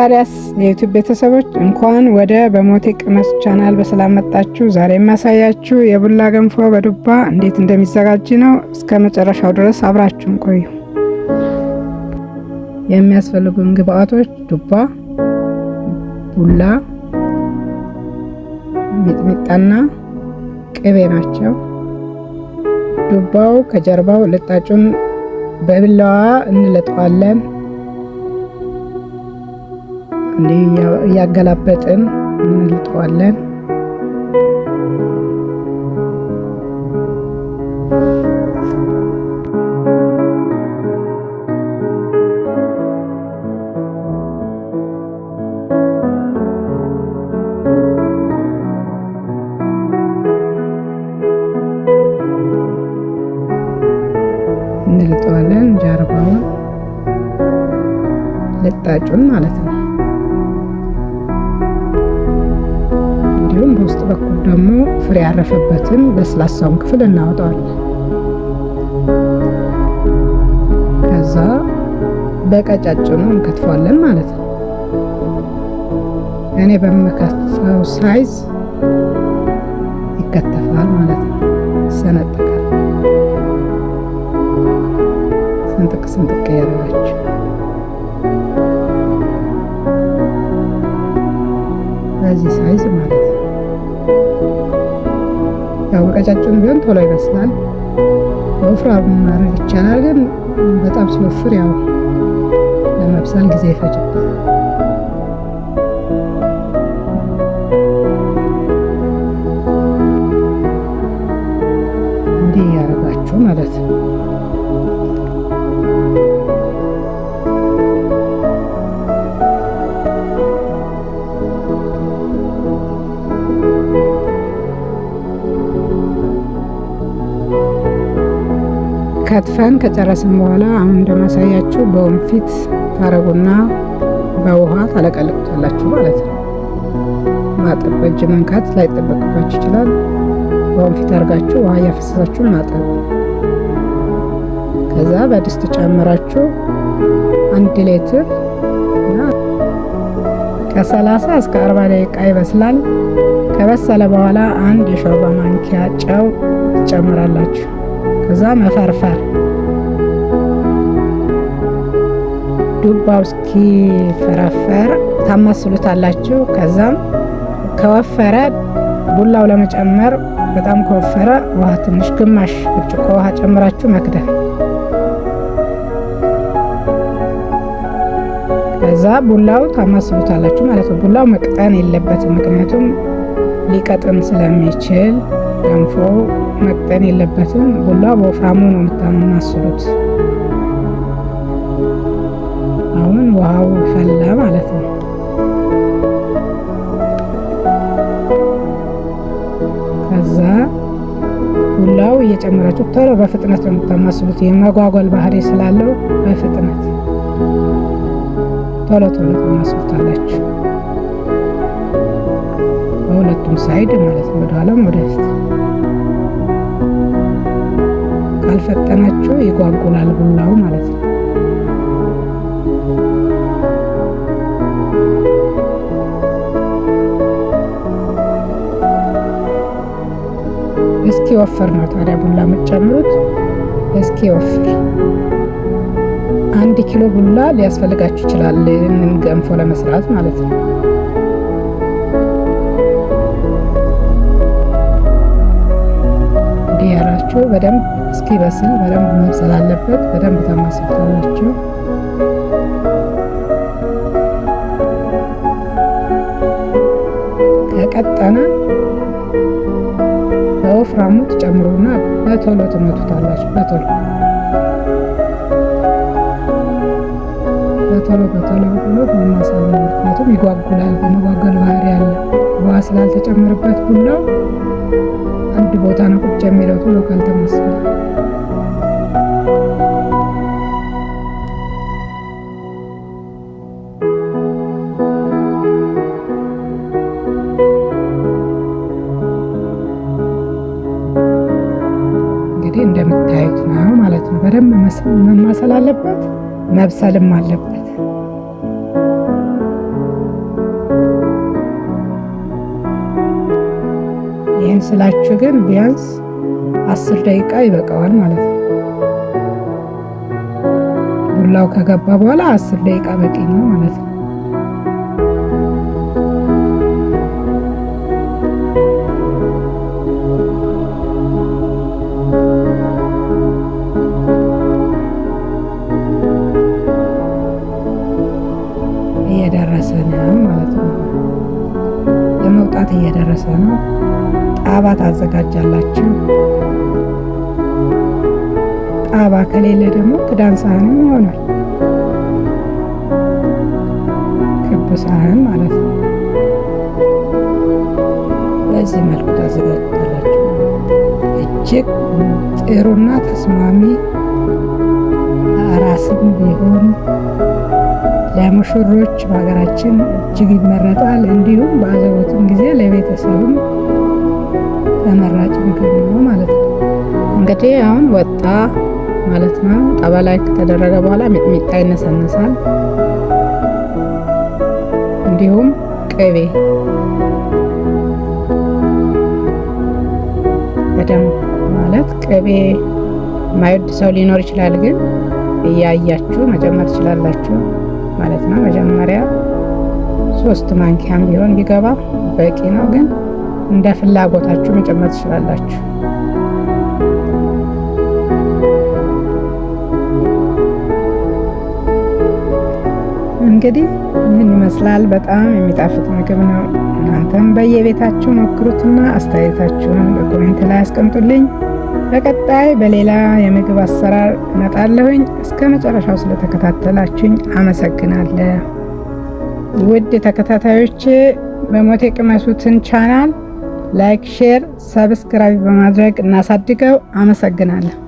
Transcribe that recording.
ታዲያስ የዩቱብ ቤተሰቦች እንኳን ወደ በሞቴ ቅመስ ቻናል በሰላም መጣችሁ። ዛሬ የማሳያችሁ የቡላ ገንፎ በዱባ እንዴት እንደሚዘጋጅ ነው። እስከ መጨረሻው ድረስ አብራችሁን ቆዩ። የሚያስፈልጉን ግብአቶች ዱባ፣ ቡላ፣ ሚጥሚጣና ቅቤ ናቸው። ዱባው ከጀርባው ልጣጩን በብላዋ እንለጠዋለን። እንዲህ እያገላበጥን እንልጠዋለን። እንልጠዋለን ጀርባውን ልጣጩን ማለት ነው። እንዲሁም በውስጥ በኩል ደግሞ ፍሬ ያረፈበትን ለስላሳውን ክፍል እናወጣዋለን። ከዛ በቀጫጭኑ እንከትፏለን ማለት ነው። እኔ በምከተው ሳይዝ ይከተፋል ማለት ነው። ሰነጠቃል። ስንጥቅ ስንጥቅ ያደረጋችሁ በዚህ ሳይዝ ማለት ነው። ቀጫጭን ቢሆን ቶሎ ይበስላል። ወፍራም ማድረግ ይቻላል፣ ግን በጣም ሲወፍር ያው ለመብሰል ጊዜ ይፈጅባል። እንዲህ እያደረጋችሁ ማለት ነው። ከትፈን ከጨረስን በኋላ አሁን እንደማሳያችሁ በወንፊት ታረጉና በውሃ ታለቀልቁታላችሁ ማለት ነው። ማጠብ በእጅ መንካት ላይጠበቅባችሁ ይችላል። በወንፊት አድርጋችሁ ውሃ እያፈሰሳችሁ ማጠብ። ከዛ በድስት ጨምራችሁ አንድ ሌትር ከሰላሳ እስከ 40 ደቂቃ ይበስላል። ከበሰለ በኋላ አንድ የሾርባ ማንኪያ ጨው ትጨምራላችሁ። እዛ መፈርፈር ዱባው እስኪፈረፈር ታማስሉታላችሁ። ከዛም ከወፈረ ቡላው ለመጨመር በጣም ከወፈረ ውሃ ትንሽ ግማሽ ብርጭቆ ውሃ ጨምራችሁ መክደን። ከዛ ቡላው ታማስሉታላችሁ ማለት ነው። ቡላው መቅጠን የለበትም ምክንያቱም ሊቀጥን ስለሚችል ገንፎ መቅጠን የለበትም። ቡላ በወፍራሙ ነው የምታማስሉት። አሁን ውሃው ፈላ ማለት ነው። ከዛ ቡላው እየጨመራችሁ ቶሎ በፍጥነት ነው የምታማስሉት። የመጓጓል ባህሪ ስላለው በፍጥነት ቶሎ ቶሎ ታማስሉታላችሁ። በሁለቱም ሳይድ ማለት ነው፣ ወደኋላም ወደፊት ካልፈጠናችሁ ይጓጉላል ቡናው ማለት ነው። እስኪ ወፍር ነው ታዲያ ቡላ የምትጨምሩት። እስኪ ወፍር አንድ ኪሎ ቡላ ሊያስፈልጋችሁ ይችላል። ገንፎ ለመስራት ማለት ነው። አድርጋችሁ በደንብ እስኪበስል በደንብ መብሰል አለበት። በደንብ ታማስልታላችሁ። ከቀጠነ በወፍራሙ ትጨምሩና በቶሎ ትመቱታላችሁ። በቶሎ በቶሎ በቶሎ ብሎ ማማሳል ነው። ምክንያቱም ይጓጉላል፣ በመጓገል ባህሪ ያለ ውሃ ስላልተጨመረበት ቡላው አንድ ቦታ ነው ቁጭ የሚለው ቶሎ ካልተመሰለ እንግዲህ እንደምታዩት ነው ማለት ነው። በደንብ መማሰል አለበት፣ መብሰልም አለበት። ስላችሁ ግን ቢያንስ አስር ደቂቃ ይበቃዋል ማለት ነው። ቡላው ከገባ በኋላ አስር ደቂቃ በቂ ነው ማለት ነው። ታዘጋጃላችሁ። ጣባ ከሌለ ደግሞ ክዳን ሳህንም ይሆናል። ክብ ሳህን ማለት ነው። በዚህ መልኩ ታዘጋጅታላችሁ። እጅግ ጥሩና ተስማሚ ራስም ቢሆን ለሙሽሮች በሀገራችን እጅግ ይመረጣል። እንዲሁም በአዘቦትም ጊዜ ለቤተሰብም ተመራጭ ምግብ ነው ማለት ነው። እንግዲህ አሁን ወጣ ማለት ነው። ጣባ ላይ ከተደረገ በኋላ ሚጥሚጣ ይነሰነሳል። እንዲሁም ቅቤ በደንብ ማለት ቅቤ ማይድ ሰው ሊኖር ይችላል፣ ግን እያያችሁ መጨመር ትችላላችሁ ማለት ነው። መጀመሪያ ሶስት ማንኪያም ቢሆን ቢገባ በቂ ነው ግን እንደ ፍላጎታችሁ መጨመር ትችላላችሁ። እንግዲህ ይህን ይመስላል። በጣም የሚጣፍጥ ምግብ ነው። እናንተም በየቤታችሁ ሞክሩትና አስተያየታችሁን በኮሜንት ላይ አስቀምጡልኝ። በቀጣይ በሌላ የምግብ አሰራር እመጣለሁኝ። እስከ መጨረሻው ስለተከታተላችሁኝ አመሰግናለሁ። ውድ ተከታታዮቼ በሞቴ ቅመሱትን ቻናል ላይክ፣ ሼር፣ ሰብስክራይብ በማድረግ እናሳድገው። አመሰግናለሁ።